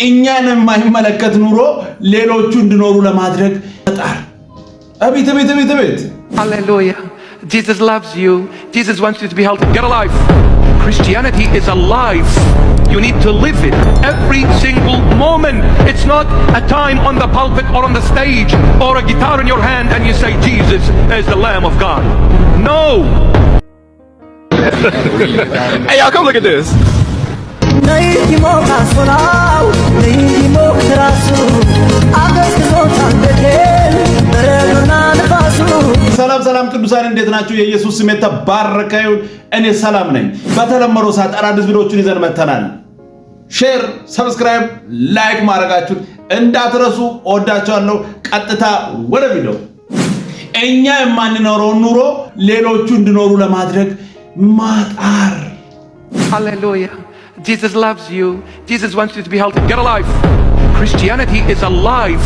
Hallelujah! Jesus loves you. Jesus wants you to be healthy, get alive. Christianity is alive. You need to live it every single moment. It's not a time on the pulpit or on the stage or a guitar in your hand and you say, Jesus is the Lamb of God. No! hey, y'all, come look at this. ሰላም ሰላም ቅዱሳን እንዴት ናችሁ? የኢየሱስ ስም የተባረከ ይሁን። እኔ ሰላም ነኝ። በተለመደው ሰዓት አዳዲስ ቪዲዮዎችን ይዘን መተናል። ሼር፣ ሰብስክራይብ፣ ላይክ ማድረጋችሁን እንዳትረሱ። እወዳችኋለሁ። ቀጥታ ወደ ቪዲዮ። እኛ የማንኖረውን ኑሮ ሌሎቹ እንዲኖሩ ለማድረግ ማጣር ሃሌሉያ Jesus loves you. Jesus wants you to be healthy. Get alive. Christianity is alive.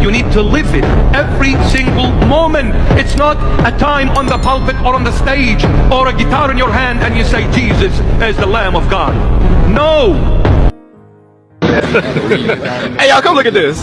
You need to live it every single moment. It's not a time on the pulpit or on the stage or a guitar in your hand and you say, Jesus is the Lamb of God. No. hey, y'all, come look at this.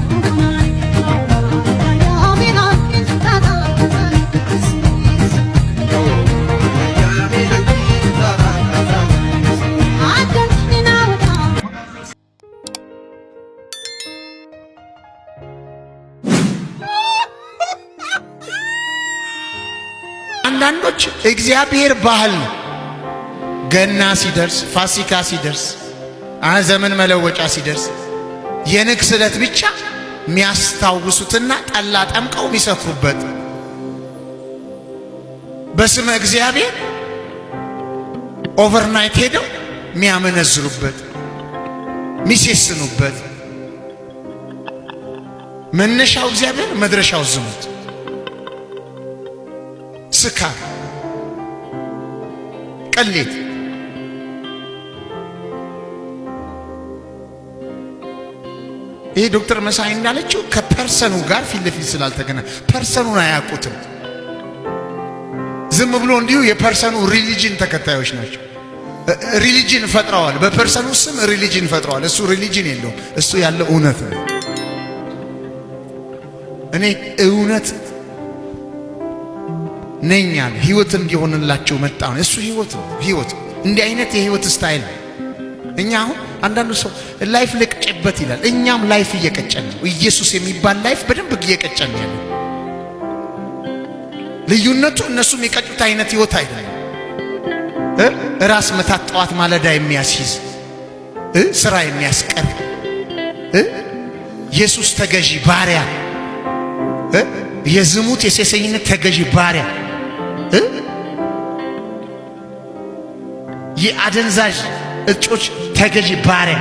አንዳንዶች እግዚአብሔር ባህል ነው። ገና ሲደርስ፣ ፋሲካ ሲደርስ፣ ዘመን መለወጫ ሲደርስ የንግስ ዕለት ብቻ የሚያስታውሱትና ጠላ ጠምቀው የሚሰክሩበት በስመ እግዚአብሔር ኦቨርናይት ሄደው የሚያመነዝሩበት የሚሴስኑበት መነሻው እግዚአብሔር መድረሻው ዝሙት ስካር፣ ቅሌት ይሄ ዶክተር መሳይ እንዳለችው ከፐርሰኑ ጋር ፊት ለፊት ስላልተገና ፐርሰኑን አያውቁትም። ዝም ብሎ እንዲሁ የፐርሰኑ ሪሊጅን ተከታዮች ናቸው። ሪሊጅን ፈጥረዋል። በፐርሰኑ ስም ሪሊጅን ፈጥረዋል። እሱ ሪሊጅን የለውም። እሱ ያለው እውነት ነው። እኔ እውነት ነኛል ህይወት እንዲሆንላቸው መጣ ነው። እሱ ህይወት ነው። ህይወት እንዲህ አይነት የህይወት ስታይል ነው። እኛ አሁን አንዳንዱ ሰው ላይፍ ልቅጭበት ይላል። እኛም ላይፍ እየቀጨን ነው። ኢየሱስ የሚባል ላይፍ በደንብ እየቀጨን ያለ ልዩነቱ እነሱ የሚቀጩት አይነት ህይወት አይደለም። ራስ መታት ጠዋት ማለዳ የሚያስይዝ ስራ የሚያስቀር ኢየሱስ ተገዢ ባሪያ የዝሙት የሴሰኝነት ተገዢ ባሪያ የአደንዛዥ እጮች ተገዢ ባሪያ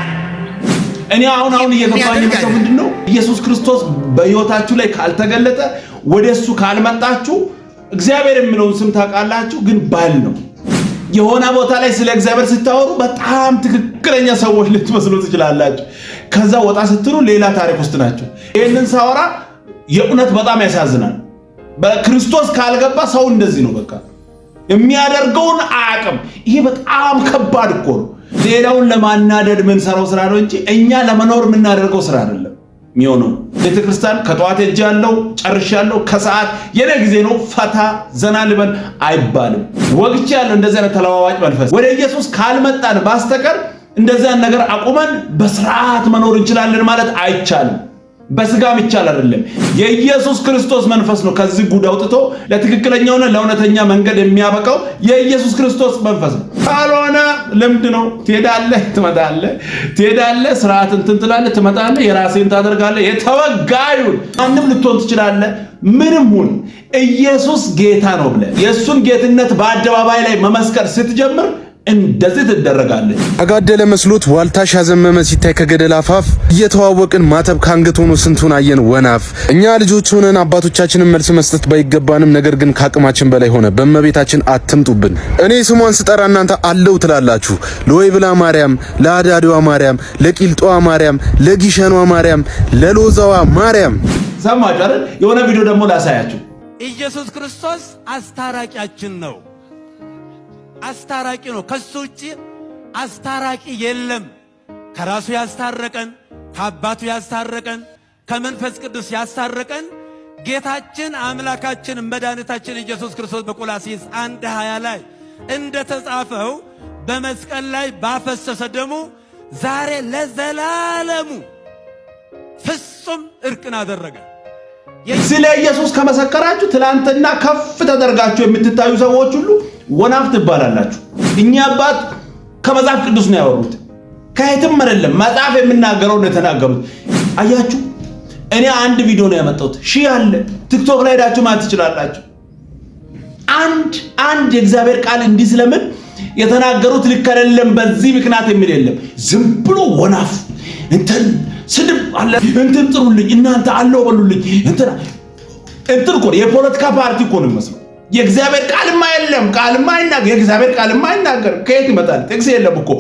እኔ አሁን አሁን እየገባኝ መጣው ምንድን ነው ኢየሱስ ክርስቶስ በሕይወታችሁ ላይ ካልተገለጠ ወደ እሱ ካልመጣችሁ እግዚአብሔር የሚለውን ስም ታውቃላችሁ፣ ግን ባል ነው። የሆነ ቦታ ላይ ስለ እግዚአብሔር ስታወሩ በጣም ትክክለኛ ሰዎች ልትመስሉ ትችላላችሁ። ከዛ ወጣ ስትሉ ሌላ ታሪክ ውስጥ ናቸው። ይህንን ሳወራ የእውነት በጣም ያሳዝናል። በክርስቶስ ካልገባ ሰው እንደዚህ ነው። በቃ የሚያደርገውን አያውቅም። ይሄ በጣም ከባድ እኮ ነው። ሌላውን ለማናደድ የምንሰራው ስራ ነው እንጂ እኛ ለመኖር የምናደርገው ስራ አይደለም የሚሆነው። ቤተክርስቲያን ከጠዋት እጅ ያለው ጨርሻለሁ፣ ከሰዓት የኔ ጊዜ ነው፣ ፈታ ዘና ልበል አይባልም። ወግቼ ያለው እንደዚህ አይነት ተለዋዋጭ መንፈስ ወደ ኢየሱስ ካልመጣን በስተቀር እንደዚያን ነገር አቁመን በስርዓት መኖር እንችላለን ማለት አይቻልም። በስጋ ብቻ አይደለም። የኢየሱስ ክርስቶስ መንፈስ ነው ከዚህ ጉድ አውጥቶ ለትክክለኛውና ለእውነተኛ መንገድ የሚያበቃው የኢየሱስ ክርስቶስ መንፈስ ነው። ካልሆነ ልምድ ነው። ትሄዳለህ፣ ትመጣለህ፣ ትሄዳለህ፣ ስርዓት እንትን ትላለህ፣ ትመጣለህ፣ የራሴን ታደርጋለህ። የተወጋዩን ማንም ልትሆን ትችላለህ። ምንም ሁን ኢየሱስ ጌታ ነው ብለህ የእሱን ጌትነት በአደባባይ ላይ መመስከር ስትጀምር እንደዚህ ትደረጋለች። አጋደለ መስሎት ዋልታሽ ያዘመመ ሲታይ ከገደል አፋፍ እየተዋወቅን ማተብ ካንገት ሆኖ ስንቱን አየን ወናፍ። እኛ ልጆች ሆነን አባቶቻችንን መልስ መስጠት ባይገባንም ነገር ግን ከአቅማችን በላይ ሆነ። በእመቤታችን አትምጡብን። እኔ ስሟን ስጠራ እናንተ አለው ትላላችሁ። ለወይብላ ማርያም፣ ለአዳዲዋ ማርያም፣ ለቂልጧ ማርያም፣ ለጊሸኗ ማርያም፣ ለሎዛዋ ማርያም ሰማችሁ አይደል? የሆነ ቪዲዮ ደግሞ ላሳያችሁ። ኢየሱስ ክርስቶስ አስታራቂያችን ነው። አስታራቂ ነው። ከሱ ውጭ አስታራቂ የለም። ከራሱ ያስታረቀን፣ ከአባቱ ያስታረቀን፣ ከመንፈስ ቅዱስ ያስታረቀን ጌታችን አምላካችን መድኃኒታችን ኢየሱስ ክርስቶስ በቆላሲስ አንድ ሃያ ላይ እንደ ተጻፈው በመስቀል ላይ ባፈሰሰ ደሙ ዛሬ ለዘላለሙ ፍጹም እርቅን አደረገ። ስለ ኢየሱስ ከመሰከራችሁ ትላንትና ከፍ ተደርጋችሁ የምትታዩ ሰዎች ሁሉ ወናፍ ትባላላችሁ። እኛ አባት ከመጽሐፍ ቅዱስ ነው ያወሩት፣ ከየትም አይደለም። መጽሐፍ የምናገረው ነው የተናገሩት። አያችሁ፣ እኔ አንድ ቪዲዮ ነው ያመጣሁት። ሺህ አለ ቲክቶክ ላይ ሄዳችሁ ማለት ትችላላችሁ። አንድ አንድ የእግዚአብሔር ቃል እንዲህ ስለምን የተናገሩት ልክ አይደለም፣ በዚህ ምክንያት የሚል የለም። ዝም ብሎ ወናፍ እንትን ስድብ አለ እንትን ጥሩልኝ እናንተ አለው በሉልኝ እንትን እንትን እኮ የፖለቲካ ፓርቲ እኮ ነው የሚመስለው የእግዚአብሔር ቃልማ የለም፣ ቃልማ አይናገር፣ የእግዚአብሔር ቃልማ አይናገር። ከየት ይመጣል? ጥቅስ የለም እኮ።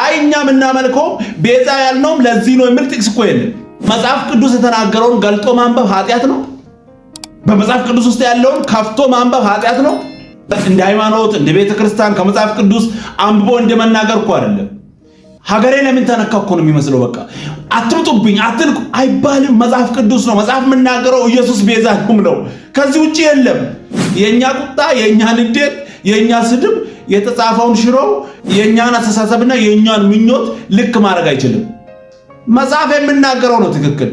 አይ እኛ የምናመልከውም ቤዛ ያልነውም ለዚህ ነው የሚል ጥቅስ እኮ የለም። መጽሐፍ ቅዱስ የተናገረውን ገልጦ ማንበብ ኃጢአት ነው። በመጽሐፍ ቅዱስ ውስጥ ያለውን ከፍቶ ማንበብ ኃጢአት ነው። እንደ ሃይማኖት እንደ ቤተ ክርስቲያን ከመጽሐፍ ቅዱስ አንብቦ እንደመናገር እኮ አይደለም። ሀገሬ ለምን ተነካ እኮ ነው የሚመስለው። በቃ አትምጡብኝ፣ አትልቁ አይባልም። መጽሐፍ ቅዱስ ነው። መጽሐፍ የምናገረው ኢየሱስ ቤዛ ነው። ከዚህ ውጭ የለም። የእኛ ቁጣ፣ የእኛ ንዴት፣ የእኛ ስድብ የተጻፈውን ሽሮ የእኛን አስተሳሰብና የእኛን ምኞት ልክ ማድረግ አይችልም። መጽሐፍ የምናገረው ነው ትክክል።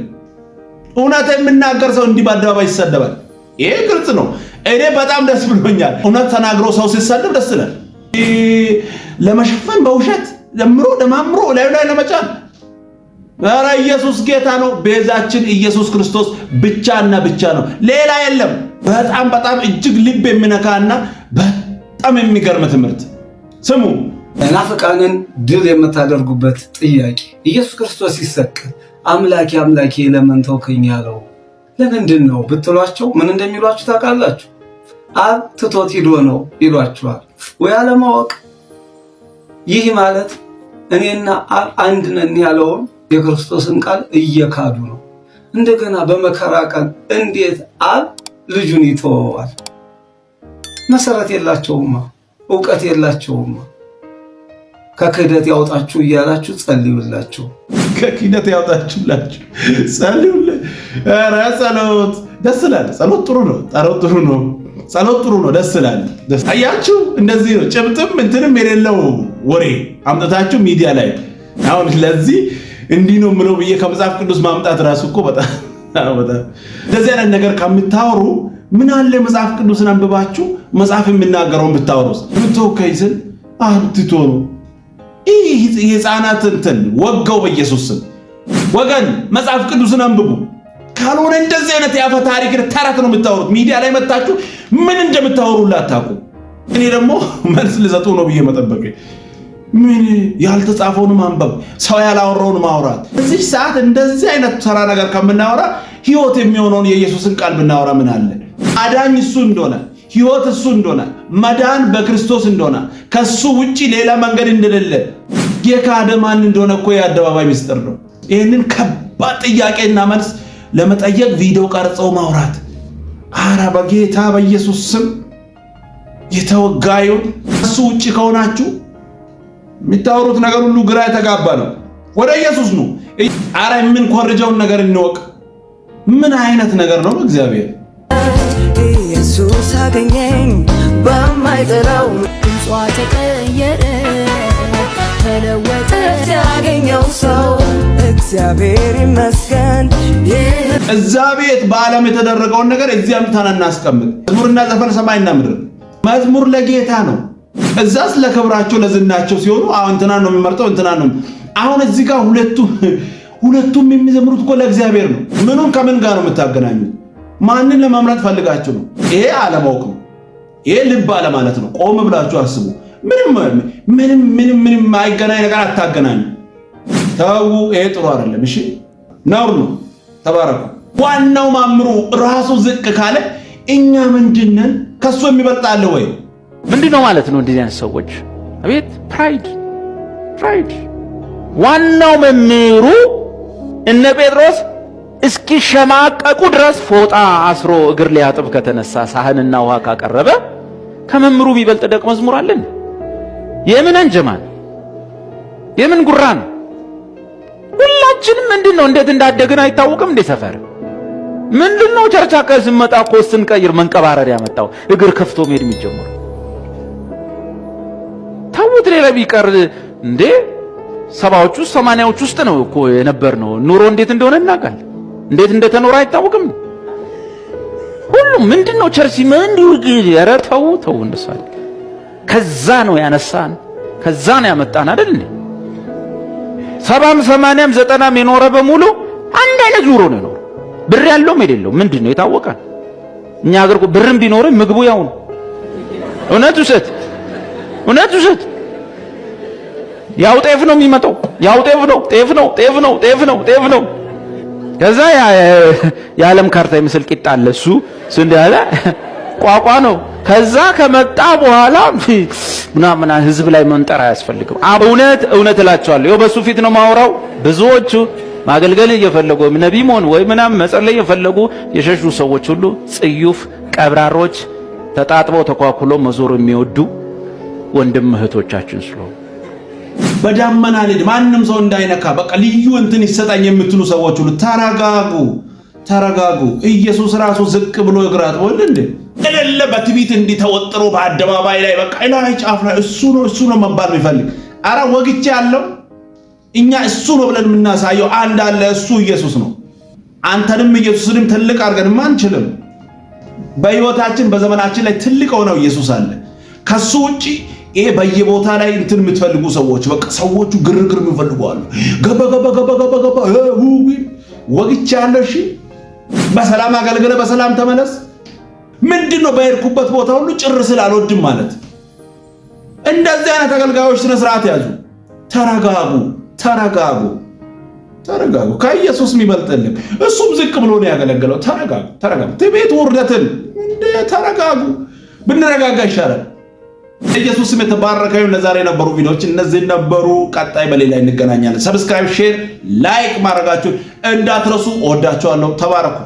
እውነት የሚናገር ሰው እንዲህ በአደባባይ ይሰደባል። ይሄ ግልጽ ነው። እኔ በጣም ደስ ብሎኛል። እውነት ተናግሮ ሰው ሲሰደብ ደስ ይላል። ለመሸፈን በውሸት ለምሮ ለማምሮ ላዩ ላይ ለመጫን ኧረ ኢየሱስ ጌታ ነው። ቤዛችን ኢየሱስ ክርስቶስ ብቻና ብቻ ነው፣ ሌላ የለም። በጣም በጣም እጅግ ልብ የሚነካና በጣም የሚገርም ትምህርት ስሙ። መናፍቃንን ድል የምታደርጉበት ጥያቄ ኢየሱስ ክርስቶስ ሲሰቀል አምላኬ አምላኬ ለምን ተውከኝ ያለው ለምንድን ነው ብትሏቸው ምን እንደሚሏችሁ ታውቃላችሁ? አብ ትቶት ሂዶ ነው ይሏችኋል። ወይ አለማወቅ። ይህ ማለት እኔና አብ አንድ ነን ያለውን የክርስቶስን ቃል እየካዱ ነው። እንደገና በመከራ ቀን እንዴት አብ ልጁን ይተወዋል? መሰረት የላቸውማ፣ እውቀት የላቸውማ። ከክህደት ያውጣችሁ እያላችሁ ጸልዩላችሁ፣ ከክህደት ያውጣችሁላችሁ ጸልዩላችሁ። ጸሎት ደስ ይላል። ጸሎት ጥሩ ነው። ጸሎት ጥሩ ነው። ጸሎት ጥሩ ነው። ደስ ይላል። አያችሁ፣ እንደዚህ ነው። ጭብጥም እንትንም የሌለው ወሬ አምጥታችሁ ሚዲያ ላይ አሁን ለዚህ እንዲህ ነው የምለው ብዬ ከመጽሐፍ ቅዱስ ማምጣት ራሱ እኮ በጣም እንደዚህ አይነት ነገር ከምታወሩ ምን አለ መጽሐፍ ቅዱስን አንብባችሁ መጽሐፍ የሚናገረውን ብታወሩስ? ምትወከይስን አንትቶ ነው ይህ የህፃናት እንትን ወገው በኢየሱስ ስም ወገን፣ መጽሐፍ ቅዱስን አንብቡ። ካልሆነ እንደዚህ አይነት የአፈ ታሪክ ተረት ነው የምታወሩት። ሚዲያ ላይ መታችሁ ምን እንደምታወሩላት ታውቁ። እኔ ደግሞ መልስ ልሰጡ ነው ብዬ መጠበቅ ምን ያልተጻፈውን ማንበብ፣ ሰው ያላወራውን ማውራት። እዚህ ሰዓት እንደዚህ አይነት ተራ ነገር ከምናወራ ህይወት የሚሆነውን የኢየሱስን ቃል ብናወራ ምን አለ? አዳኝ እሱ እንደሆነ ህይወት እሱ እንደሆነ መዳን በክርስቶስ እንደሆነ ከሱ ውጪ ሌላ መንገድ እንደሌለ የካደ ማን እንደሆነ እኮ የአደባባይ ምስጢር ነው። ይህንን ከባድ ጥያቄና መልስ ለመጠየቅ ቪዲዮ ቀርጸው ማውራት፣ አረ በጌታ በኢየሱስ ስም የተወጋዩን ከሱ ውጪ ከሆናችሁ የሚታወሩት ነገር ሁሉ ግራ የተጋባ ነው። ወደ ኢየሱስ ነው። አረ ምን ኮርጀውን ነገር እንወቅ። ምን አይነት ነገር ነው? እግዚአብሔር ኢየሱስ አገኘኝ በማይጠራው ድምጿ ተቀየረ ተለወጠ ያገኘው ሰው እግዚአብሔር ይመስገን። እዛ ቤት በዓለም የተደረገውን ነገር እዚያም ተናና አስቀምጥ። መዝሙርና ዘፈን ሰማይና ምድር መዝሙር ለጌታ ነው። እዛስ ለክብራቸው ለዝናቸው ሲሆኑ አሁን እንትና ነው የሚመርጠው እንትና ነው። አሁን እዚህ ጋር ሁለቱ ሁለቱም የሚዘምሩት እኮ ለእግዚአብሔር ነው። ምኑን ከምን ጋር ነው የምታገናኙት? ማንን ለመምረጥ ፈልጋችሁ ነው? ይሄ አለማወቅ ነው። ይሄ ልብ አለማለት ነው። ቆም ብላችሁ አስቡ። ምንም ምንም ምንም ምንም አይገናኝ ነገር አታገናኙ። ተው፣ ይሄ ጥሩ አይደለም። እሺ ነውር ነው። ተባረኩ። ዋናው ማምሩ ራሱ ዝቅ ካለ እኛ ምንድነን? ከሱ የሚበልጣለ ወይ? ምንድን ነው ማለት ነው? እንደዚህ አይነት ሰዎች አቤት ፕራይድ ፕራይድ። ዋናው መምህሩ እነ ጴጥሮስ እስኪሸማቀቁ ድረስ ፎጣ አስሮ እግር ሊያጥብ ከተነሳ ሳህንና ውሃ ካቀረበ ከመምህሩ ቢበልጥ ደቀ መዝሙር አለን? የምን አንጀማን የምን ጉራን? ሁላችንም ምንድን ነው እንዴት እንዳደግን አይታወቅም። እንዴ ሰፈር ምንድን ነው ቸርቻ ከዚህ መጣ እኮ ስንቀይር መንቀባረር ያመጣው እግር ከፍቶ መሄድ የሚጀምሩ ስንት ሌላ ቢቀር እንዴ ሰባዎቹ ውስጥ ሰማንያዎች ውስጥ ነው እኮ የነበር ነው። ኑሮ እንዴት እንደሆነ እናውቃል። እንዴት እንደተኖረ አይታወቅም። ሁሉም ምንድን ነው ቸርሲ ምን ኧረ ተው ተው እንደሳል ከዛ ነው ያነሳን ከዛ ነው ያመጣን አይደል እንዴ ሰባም ሰማንያም ዘጠናም የኖረ በሙሉ አንድ አይነት ኑሮ ነው የኖረ ብር ያለውም የሌለው ምንድን ነው የታወቀ እኛ ሀገር ብርም ቢኖርም ምግቡ ያው ነው። እውነት ውሸት እውነት ውሸት ያው ጤፍ ነው የሚመጣው። ያው ጤፍ ነው ጤፍ ነው ጤፍ ነው ጤፍ ነው ጤፍ ነው። ከዛ የዓለም ካርታ ይመስል ቂጣ አለ። እሱ እሱ እንዳለ ቋቋ ነው። ከዛ ከመጣ በኋላ ምናምን ህዝብ ላይ መንጠር አያስፈልግም። እውነት እውነት እላቸዋለሁ። ይኸው በሱ ፊት ነው ማውራው። ብዙዎቹ ማገልገል እየፈለጉ ወይም ነቢ መሆን ወይ ምናምን መጸለይ እየፈለጉ የሸሹ ሰዎች ሁሉ ጽዩፍ ቀብራሮች፣ ተጣጥበው ተኳኩሎ መዞር የሚወዱ ወንድም እህቶቻችን ስለሆኑ በዳመና ልድ ማንም ሰው እንዳይነካ በቃ ልዩ እንትን ይሰጣኝ የምትሉ ሰዎች ሁሉ ተረጋጉ፣ ተረጋጉ። ኢየሱስ ራሱ ዝቅ ብሎ እግር አጥቦልን እንዴ እለለ በትቢት እንዲተወጥሮ በአደባባይ ላይ በቃ ላይ ጫፍ ላይ እሱ ነው እሱ ነው መባል የሚፈልግ አረ ወግቼ ያለው እኛ እሱ ነው ብለን የምናሳየው አንድ አለ። እሱ ኢየሱስ ነው። አንተንም ኢየሱስንም ትልቅ አድርገንም አንችልም። በህይወታችን በዘመናችን ላይ ትልቅ ሆነው ኢየሱስ አለ ከሱ ውጭ ይሄ በየቦታ ላይ እንትን የምትፈልጉ ሰዎች በቃ ሰዎቹ ግርግር የሚፈልጉ አሉ። ገባ ገባ ገባ ገባ ገባ ወግቻ ያለ እሺ፣ በሰላም አገልግለ በሰላም ተመለስ። ምንድን ነው በሄድኩበት ቦታ ሁሉ ጭር ስላልወድም ማለት። እንደዚህ አይነት አገልጋዮች ስነ ስርዓት ያዙ። ተረጋጉ፣ ተረጋጉ፣ ተረጋጉ። ከኢየሱስ የሚበልጥልን እሱም ዝቅ ብሎ ነው ያገለገለው። ተረጋጉ፣ ተረጋጉ። ትቤት ውርደትን እንደ ተረጋጉ፣ ብንረጋጋ ይሻላል። ኢየሱስ ስም የተባረከው። ለዛሬ የነበሩ ቪዲዮዎች እነዚህ ነበሩ። ቀጣይ በሌላ እንገናኛለን። ሰብስክራይብ፣ ሼር፣ ላይክ ማድረጋችሁ እንዳትረሱ። ወዳችኋለሁ። ተባረኩ።